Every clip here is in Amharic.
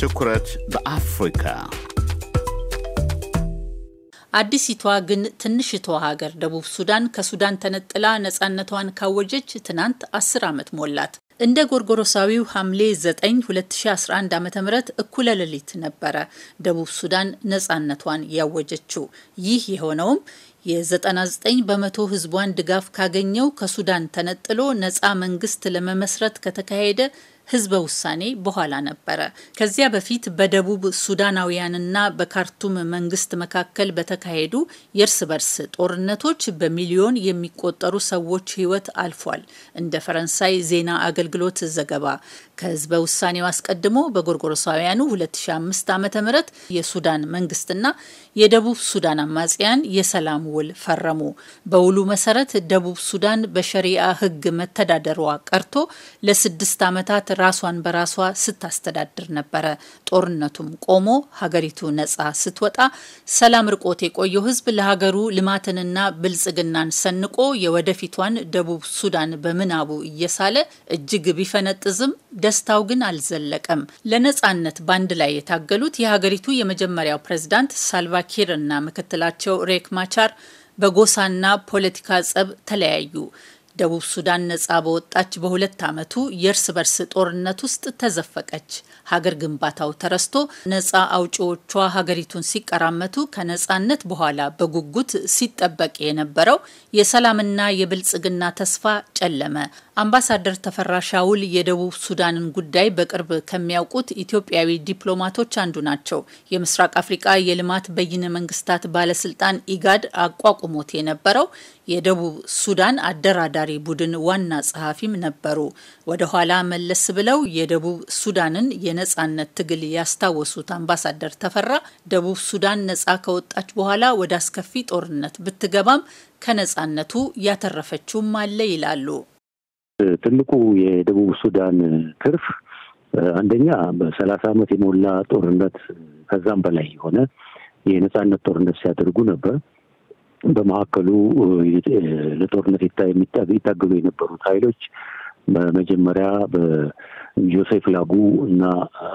ትኩረት በአፍሪካ አዲሲቷ ግን ትንሽቷ ሀገር ደቡብ ሱዳን ከሱዳን ተነጥላ ነፃነቷን ካወጀች ትናንት አስር ዓመት ሞላት። እንደ ጎርጎሮሳዊው ሐምሌ 9 2011 ዓ ም እኩለ ሌሊት ነበረ ደቡብ ሱዳን ነፃነቷን ያወጀችው። ይህ የሆነውም የ99 በመቶ ህዝቧን ድጋፍ ካገኘው ከሱዳን ተነጥሎ ነፃ መንግስት ለመመስረት ከተካሄደ ህዝበ ውሳኔ በኋላ ነበረ። ከዚያ በፊት በደቡብ ሱዳናውያንና በካርቱም መንግስት መካከል በተካሄዱ የእርስ በርስ ጦርነቶች በሚሊዮን የሚቆጠሩ ሰዎች ህይወት አልፏል። እንደ ፈረንሳይ ዜና አገልግሎት ዘገባ ከህዝበ ውሳኔው አስቀድሞ በጎርጎሮሳውያኑ 2005 ዓ ም የሱዳን መንግስትና የደቡብ ሱዳን አማጽያን የሰላም ውል ፈረሙ። በውሉ መሰረት ደቡብ ሱዳን በሸሪአ ህግ መተዳደሯ ቀርቶ ለስድስት ዓመታት ራሷን በራሷ ስታስተዳድር ነበረ። ጦርነቱም ቆሞ ሀገሪቱ ነጻ ስትወጣ ሰላም ርቆት የቆየው ህዝብ ለሀገሩ ልማትንና ብልጽግናን ሰንቆ የወደፊቷን ደቡብ ሱዳን በምናቡ እየሳለ እጅግ ቢፈነጥዝም ደስታው ግን አልዘለቀም። ለነጻነት ባንድ ላይ የታገሉት የሀገሪቱ የመጀመሪያው ፕሬዝዳንት ሳልቫኪር እና ምክትላቸው ሬክ ማቻር በጎሳና ፖለቲካ ጸብ ተለያዩ። ደቡብ ሱዳን ነጻ በወጣች በሁለት ዓመቱ የእርስ በርስ ጦርነት ውስጥ ተዘፈቀች። ሀገር ግንባታው ተረስቶ ነጻ አውጪዎቿ ሀገሪቱን ሲቀራመቱ ከነጻነት በኋላ በጉጉት ሲጠበቅ የነበረው የሰላምና የብልጽግና ተስፋ ጨለመ። አምባሳደር ተፈራ ሻውል የደቡብ ሱዳንን ጉዳይ በቅርብ ከሚያውቁት ኢትዮጵያዊ ዲፕሎማቶች አንዱ ናቸው። የምስራቅ አፍሪቃ የልማት በይነ መንግስታት ባለስልጣን ኢጋድ አቋቁሞት የነበረው የደቡብ ሱዳን አደራዳሪ ቡድን ዋና ጸሐፊም ነበሩ። ወደ ኋላ መለስ ብለው የደቡብ ሱዳንን የነጻነት ትግል ያስታወሱት አምባሳደር ተፈራ ደቡብ ሱዳን ነጻ ከወጣች በኋላ ወደ አስከፊ ጦርነት ብትገባም ከነጻነቱ ያተረፈችውም አለ ይላሉ። ትልቁ የደቡብ ሱዳን ትርፍ አንደኛ በሰላሳ ዓመት የሞላ ጦርነት ከዛም በላይ የሆነ የነጻነት ጦርነት ሲያደርጉ ነበር። በመካከሉ ለጦርነት ይታገሉ የነበሩት ኃይሎች በመጀመሪያ በጆሴፍ ላጉ እና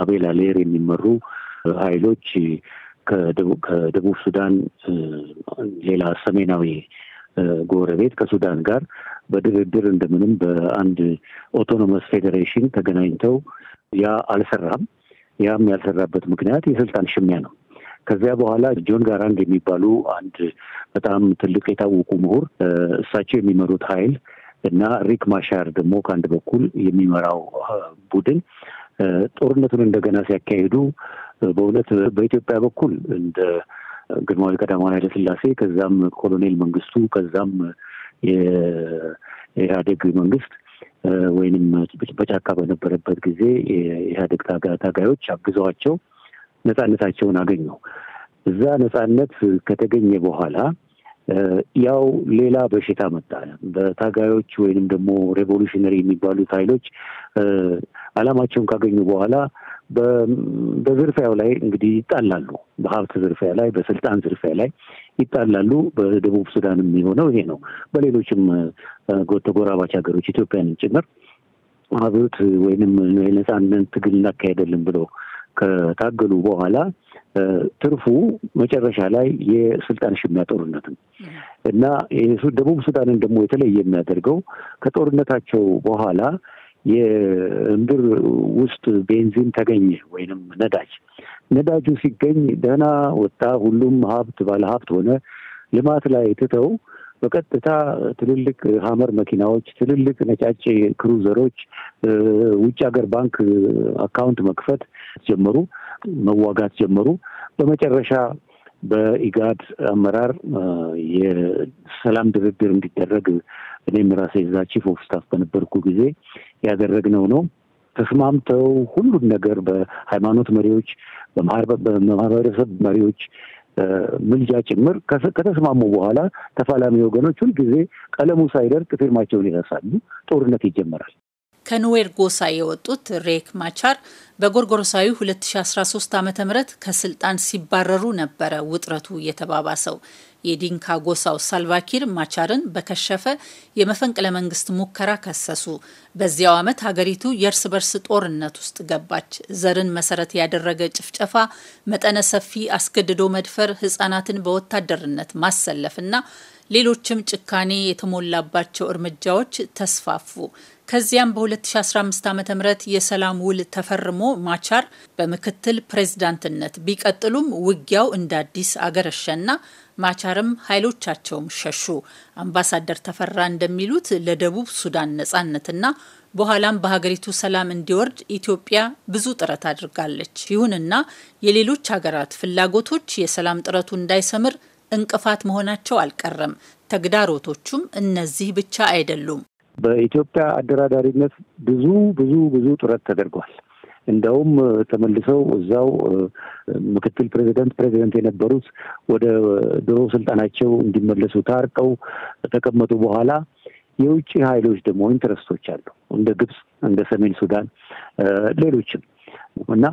አቤል አሌር የሚመሩ ኃይሎች ከደቡብ ሱዳን ሌላ ሰሜናዊ ጎረቤት ከሱዳን ጋር በድርድር እንደምንም በአንድ ኦቶኖመስ ፌዴሬሽን ተገናኝተው ያ አልሰራም። ያም ያልሰራበት ምክንያት የስልጣን ሽሚያ ነው። ከዚያ በኋላ ጆን ጋራንድ የሚባሉ አንድ በጣም ትልቅ የታወቁ ምሁር እሳቸው የሚመሩት ኃይል እና ሪክ ማሻር ደግሞ ከአንድ በኩል የሚመራው ቡድን ጦርነቱን እንደገና ሲያካሂዱ በእውነት በኢትዮጵያ በኩል እንደ ግርማዊ ቀዳማዊ ኃይለ ሥላሴ ከዛም ኮሎኔል መንግስቱ ከዛም የኢህአዴግ መንግስት ወይንም በጫካ በነበረበት ጊዜ የኢህአዴግ ታጋዮች አግዘዋቸው ነጻነታቸውን አገኙ። እዛ ነጻነት ከተገኘ በኋላ ያው ሌላ በሽታ መጣ። በታጋዮች ወይንም ደግሞ ሬቮሉሽነሪ የሚባሉት ኃይሎች አላማቸውን ካገኙ በኋላ በዝርፊያው ላይ እንግዲህ ይጣላሉ። በሀብት ዝርፊያ ላይ፣ በስልጣን ዝርፊያ ላይ ይጣላሉ። በደቡብ ሱዳን የሚሆነው ይሄ ነው። በሌሎችም ተጎራባች ሀገሮች ኢትዮጵያንን ጭምር አብዮት ወይንም የነጻነት ትግል እናካሄደልን ብሎ ከታገሉ በኋላ ትርፉ መጨረሻ ላይ የስልጣን ሽሚያ ጦርነት ነው እና ደቡብ ሱዳንን ደግሞ የተለየ የሚያደርገው ከጦርነታቸው በኋላ የምድር ውስጥ ቤንዚን ተገኘ ወይንም ነዳጅ። ነዳጁ ሲገኝ ደህና ወጣ። ሁሉም ሀብት ባለ ሀብት ሆነ። ልማት ላይ ትተው በቀጥታ ትልልቅ ሀመር መኪናዎች፣ ትልልቅ ነጫጭ ክሩዘሮች፣ ውጭ ሀገር ባንክ አካውንት መክፈት ጀመሩ፣ መዋጋት ጀመሩ። በመጨረሻ በኢጋድ አመራር የሰላም ድርድር እንዲደረግ እኔም ራሴ እዛ ቺፍ ኦፍ ስታፍ በነበርኩ ጊዜ ያደረግነው ነው። ተስማምተው ሁሉን ነገር በሃይማኖት መሪዎች፣ በማህበረሰብ መሪዎች ምልጃ ጭምር ከተስማሙ በኋላ ተፋላሚ ወገኖች ሁልጊዜ ቀለሙ ሳይደርቅ ፊርማቸውን ይረሳሉ። ጦርነት ይጀመራል። ከኑዌር ጎሳ የወጡት ሬክ ማቻር በጎርጎሮሳዊ 2013 ዓ ም ከስልጣን ሲባረሩ ነበረ ውጥረቱ የተባባሰው። የዲንካ ጎሳው ሳልቫኪር ማቻርን በከሸፈ የመፈንቅለ መንግስት ሙከራ ከሰሱ። በዚያው ዓመት ሀገሪቱ የእርስ በርስ ጦርነት ውስጥ ገባች። ዘርን መሰረት ያደረገ ጭፍጨፋ፣ መጠነ ሰፊ አስገድዶ መድፈር፣ ህጻናትን በወታደርነት ማሰለፍና ሌሎችም ጭካኔ የተሞላባቸው እርምጃዎች ተስፋፉ። ከዚያም በ2015 ዓ ም የሰላም ውል ተፈርሞ ማቻር በምክትል ፕሬዝዳንትነት ቢቀጥሉም ውጊያው እንደ አዲስ አገረሸና ማቻርም ኃይሎቻቸውም ሸሹ። አምባሳደር ተፈራ እንደሚሉት ለደቡብ ሱዳን ነጻነትና በኋላም በሀገሪቱ ሰላም እንዲወርድ ኢትዮጵያ ብዙ ጥረት አድርጋለች። ይሁንና የሌሎች ሀገራት ፍላጎቶች የሰላም ጥረቱ እንዳይሰምር እንቅፋት መሆናቸው አልቀረም። ተግዳሮቶቹም እነዚህ ብቻ አይደሉም። በኢትዮጵያ አደራዳሪነት ብዙ ብዙ ብዙ ጥረት ተደርጓል። እንደውም ተመልሰው እዛው ምክትል ፕሬዚደንት ፕሬዚደንት የነበሩት ወደ ድሮ ስልጣናቸው እንዲመለሱ ታርቀው ተቀመጡ በኋላ የውጭ ኃይሎች ደግሞ ኢንትረስቶች አሉ እንደ ግብፅ፣ እንደ ሰሜን ሱዳን ሌሎችም እና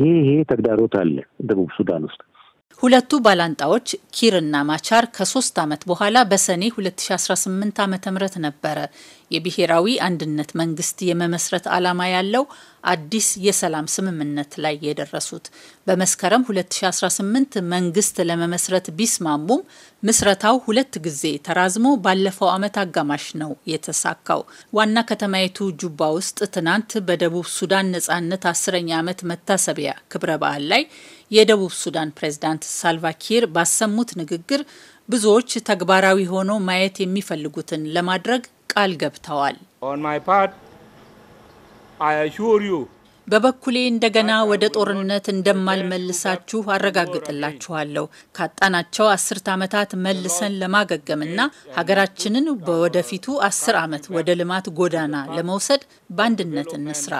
ይሄ ይሄ ተግዳሮት አለ ደቡብ ሱዳን ውስጥ ሁለቱ ባላንጣዎች ኪርና ማቻር ከሶስት ዓመት በኋላ በሰኔ 2018 ዓ ም ነበረ የብሔራዊ አንድነት መንግስት የመመስረት ዓላማ ያለው አዲስ የሰላም ስምምነት ላይ የደረሱት። በመስከረም 2018 መንግስት ለመመስረት ቢስማሙም ምስረታው ሁለት ጊዜ ተራዝሞ ባለፈው ዓመት አጋማሽ ነው የተሳካው። ዋና ከተማይቱ ጁባ ውስጥ ትናንት በደቡብ ሱዳን ነጻነት አስረኛ ዓመት መታሰቢያ ክብረ በዓል ላይ የደቡብ ሱዳን ፕሬዝዳንት ሳልቫኪር ባሰሙት ንግግር ብዙዎች ተግባራዊ ሆኖ ማየት የሚፈልጉትን ለማድረግ ቃል ገብተዋል። በበኩሌ እንደገና ወደ ጦርነት እንደማልመልሳችሁ አረጋግጥላችኋለሁ። ካጣናቸው አስርት ዓመታት መልሰን ለማገገምና ሀገራችንን በወደፊቱ አስር ዓመት ወደ ልማት ጎዳና ለመውሰድ በአንድነት እንስራ።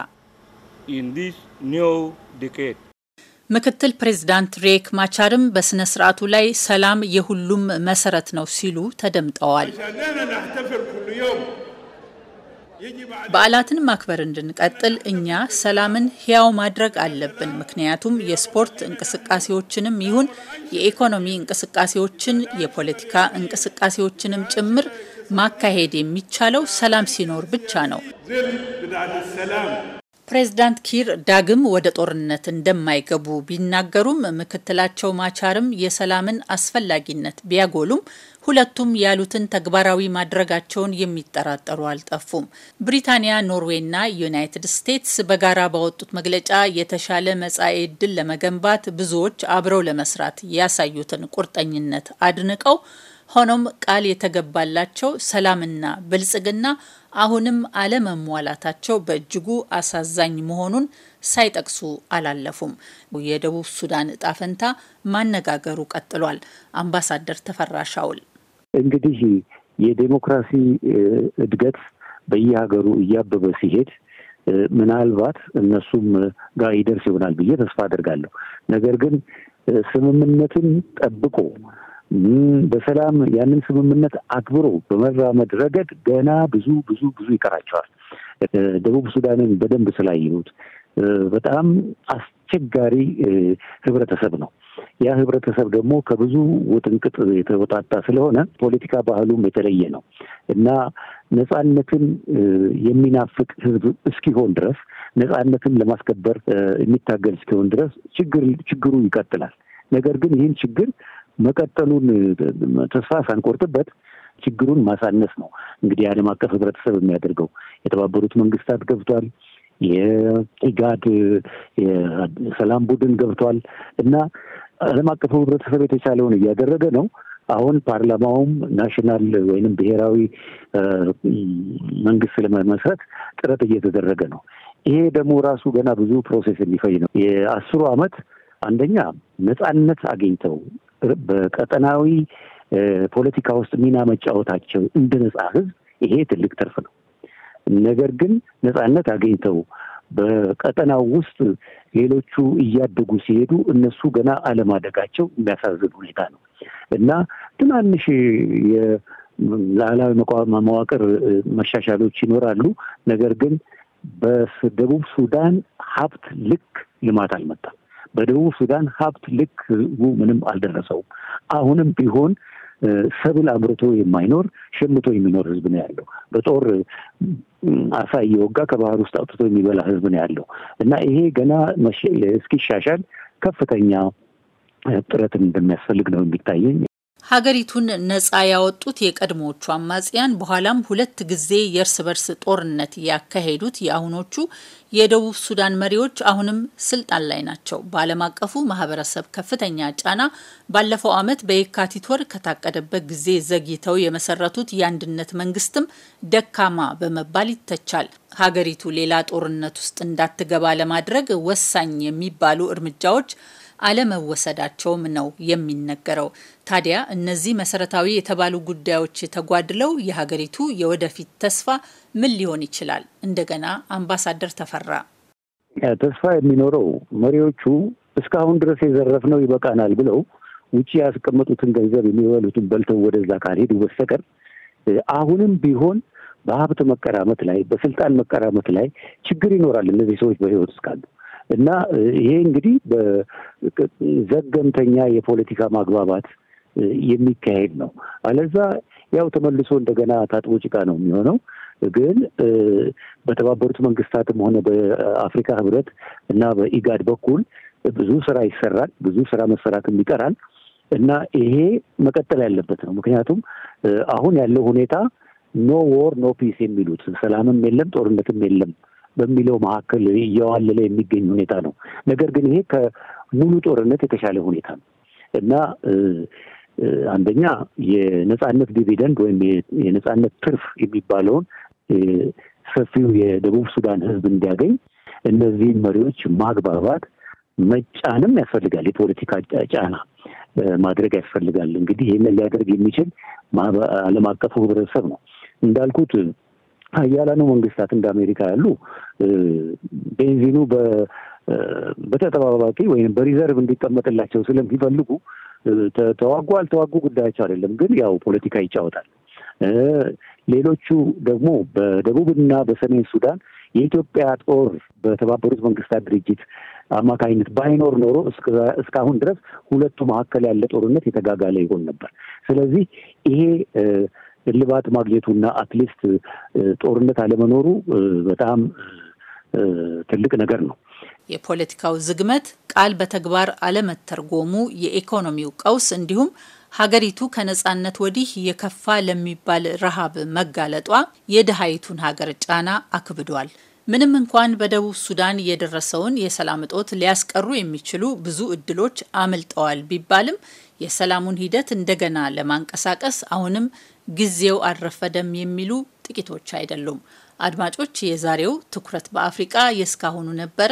ምክትል ፕሬዚዳንት ሬክ ማቻርም በሥነ ሥርዓቱ ላይ ሰላም የሁሉም መሰረት ነው ሲሉ ተደምጠዋል። በዓላትን ማክበር እንድንቀጥል እኛ ሰላምን ሕያው ማድረግ አለብን። ምክንያቱም የስፖርት እንቅስቃሴዎችንም ይሁን የኢኮኖሚ እንቅስቃሴዎችን፣ የፖለቲካ እንቅስቃሴዎችንም ጭምር ማካሄድ የሚቻለው ሰላም ሲኖር ብቻ ነው። ፕሬዝዳንት ኪር ዳግም ወደ ጦርነት እንደማይገቡ ቢናገሩም ምክትላቸው ማቻርም የሰላምን አስፈላጊነት ቢያጎሉም ሁለቱም ያሉትን ተግባራዊ ማድረጋቸውን የሚጠራጠሩ አልጠፉም። ብሪታንያ፣ ኖርዌይና ዩናይትድ ስቴትስ በጋራ ባወጡት መግለጫ የተሻለ መጻኢ ዕድል ለመገንባት ብዙዎች አብረው ለመስራት ያሳዩትን ቁርጠኝነት አድንቀው ሆኖም ቃል የተገባላቸው ሰላምና ብልጽግና አሁንም አለመሟላታቸው በእጅጉ አሳዛኝ መሆኑን ሳይጠቅሱ አላለፉም። የደቡብ ሱዳን እጣ ፈንታ ማነጋገሩ ቀጥሏል። አምባሳደር ተፈራ ሻውል እንግዲህ የዴሞክራሲ እድገት በየሀገሩ እያበበ ሲሄድ ምናልባት እነሱም ጋር ይደርስ ይሆናል ብዬ ተስፋ አደርጋለሁ። ነገር ግን ስምምነትን ጠብቆ በሰላም ያንን ስምምነት አክብሮ በመራመድ ረገድ ገና ብዙ ብዙ ብዙ ይቀራቸዋል። ደቡብ ሱዳንን በደንብ ስላየሁት በጣም አስቸጋሪ ህብረተሰብ ነው። ያ ህብረተሰብ ደግሞ ከብዙ ውጥንቅጥ የተወጣጣ ስለሆነ ፖለቲካ ባህሉም የተለየ ነው እና ነጻነትን የሚናፍቅ ህዝብ እስኪሆን ድረስ ነጻነትን ለማስከበር የሚታገል እስኪሆን ድረስ ችግር ችግሩ ይቀጥላል። ነገር ግን ይህን ችግር መቀጠሉን ተስፋ ሳንቆርጥበት ችግሩን ማሳነስ ነው። እንግዲህ የዓለም አቀፍ ህብረተሰብ የሚያደርገው የተባበሩት መንግስታት ገብቷል፣ የኢጋድ የሰላም ቡድን ገብቷል እና ዓለም አቀፉ ህብረተሰብ የተቻለውን እያደረገ ነው። አሁን ፓርላማውም ናሽናል ወይንም ብሔራዊ መንግስት ለመመስረት ጥረት እየተደረገ ነው። ይሄ ደግሞ ራሱ ገና ብዙ ፕሮሴስ የሚፈጅ ነው። የአስሩ ዓመት አንደኛ ነፃነት አግኝተው በቀጠናዊ ፖለቲካ ውስጥ ሚና መጫወታቸው እንደ ነጻ ህዝብ ይሄ ትልቅ ትርፍ ነው። ነገር ግን ነጻነት አገኝተው በቀጠናው ውስጥ ሌሎቹ እያደጉ ሲሄዱ እነሱ ገና አለማደጋቸው የሚያሳዝን ሁኔታ ነው እና ትናንሽ የላዕላዊ መዋቅር መሻሻሎች ይኖራሉ። ነገር ግን በደቡብ ሱዳን ሀብት ልክ ልማት አልመጣም። በደቡብ ሱዳን ሀብት ልክ ህዝቡ ምንም አልደረሰውም። አሁንም ቢሆን ሰብል አምርቶ የማይኖር ሸምቶ የሚኖር ህዝብ ነው ያለው። በጦር አሳ እየወጋ ከባህር ውስጥ አውጥቶ የሚበላ ህዝብ ነው ያለው እና ይሄ ገና እስኪሻሻል ከፍተኛ ጥረት እንደሚያስፈልግ ነው የሚታየኝ። ሀገሪቱን ነጻ ያወጡት የቀድሞዎቹ አማጽያን በኋላም ሁለት ጊዜ የእርስ በርስ ጦርነት ያካሄዱት የአሁኖቹ የደቡብ ሱዳን መሪዎች አሁንም ስልጣን ላይ ናቸው። በዓለም አቀፉ ማህበረሰብ ከፍተኛ ጫና ባለፈው ዓመት በየካቲት ወር ከታቀደበት ጊዜ ዘግይተው የመሰረቱት የአንድነት መንግስትም ደካማ በመባል ይተቻል። ሀገሪቱ ሌላ ጦርነት ውስጥ እንዳትገባ ለማድረግ ወሳኝ የሚባሉ እርምጃዎች አለመወሰዳቸውም ነው የሚነገረው። ታዲያ እነዚህ መሰረታዊ የተባሉ ጉዳዮች ተጓድለው የሀገሪቱ የወደፊት ተስፋ ምን ሊሆን ይችላል? እንደገና አምባሳደር ተፈራ ተስፋ የሚኖረው መሪዎቹ እስካሁን ድረስ የዘረፍነው ይበቃናል ብለው ውጭ ያስቀመጡትን ገንዘብ የሚበሉትን በልተው ወደዛ ካልሄዱ በስተቀር አሁንም ቢሆን በሀብት መቀራመት ላይ፣ በስልጣን መቀራመት ላይ ችግር ይኖራል። እነዚህ ሰዎች በህይወት እስካሉ እና ይሄ እንግዲህ ዘገምተኛ የፖለቲካ ማግባባት የሚካሄድ ነው። አለዛ ያው ተመልሶ እንደገና ታጥቦ ጭቃ ነው የሚሆነው። ግን በተባበሩት መንግስታትም ሆነ በአፍሪካ ህብረት እና በኢጋድ በኩል ብዙ ስራ ይሰራል፣ ብዙ ስራ መሰራትም ይቀራል እና ይሄ መቀጠል ያለበት ነው። ምክንያቱም አሁን ያለው ሁኔታ ኖ ዎር ኖ ፒስ የሚሉት ሰላምም የለም ጦርነትም የለም በሚለው መካከል እየዋለለ የሚገኝ ሁኔታ ነው። ነገር ግን ይሄ ከሙሉ ጦርነት የተሻለ ሁኔታ ነው እና አንደኛ የነጻነት ዲቪደንድ ወይም የነጻነት ትርፍ የሚባለውን ሰፊው የደቡብ ሱዳን ሕዝብ እንዲያገኝ እነዚህን መሪዎች ማግባባት መጫንም ያስፈልጋል። የፖለቲካ ጫና ማድረግ ያስፈልጋል። እንግዲህ ይህንን ሊያደርግ የሚችል ዓለም አቀፉ ህብረተሰብ ነው እንዳልኩት ሀያላኑ መንግስታት እንደ አሜሪካ ያሉ ቤንዚኑ በተጠባባቂ ወይም በሪዘርቭ እንዲቀመጥላቸው ስለሚፈልጉ ተዋጉ አልተዋጉ ጉዳያቸው አይደለም። ግን ያው ፖለቲካ ይጫወታል። ሌሎቹ ደግሞ በደቡብና በሰሜን ሱዳን የኢትዮጵያ ጦር በተባበሩት መንግስታት ድርጅት አማካኝነት ባይኖር ኖሮ እስካሁን ድረስ ሁለቱ መካከል ያለ ጦርነት የተጋጋለ ይሆን ነበር። ስለዚህ ይሄ እልባት ማግኘቱና አትሊስት ጦርነት አለመኖሩ በጣም ትልቅ ነገር ነው። የፖለቲካው ዝግመት፣ ቃል በተግባር አለመተርጎሙ፣ የኢኮኖሚው ቀውስ እንዲሁም ሀገሪቱ ከነጻነት ወዲህ የከፋ ለሚባል ረሃብ መጋለጧ የድሃይቱን ሀገር ጫና አክብዷል። ምንም እንኳን በደቡብ ሱዳን የደረሰውን የሰላም እጦት ሊያስቀሩ የሚችሉ ብዙ እድሎች አመልጠዋል ቢባልም የሰላሙን ሂደት እንደገና ለማንቀሳቀስ አሁንም ጊዜው አልረፈደም የሚሉ ጥቂቶች አይደሉም። አድማጮች፣ የዛሬው ትኩረት በአፍሪቃ የእስካሁኑ ነበረ።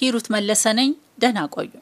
ሂሩት መለሰ ነኝ። ደህና ቆዩ።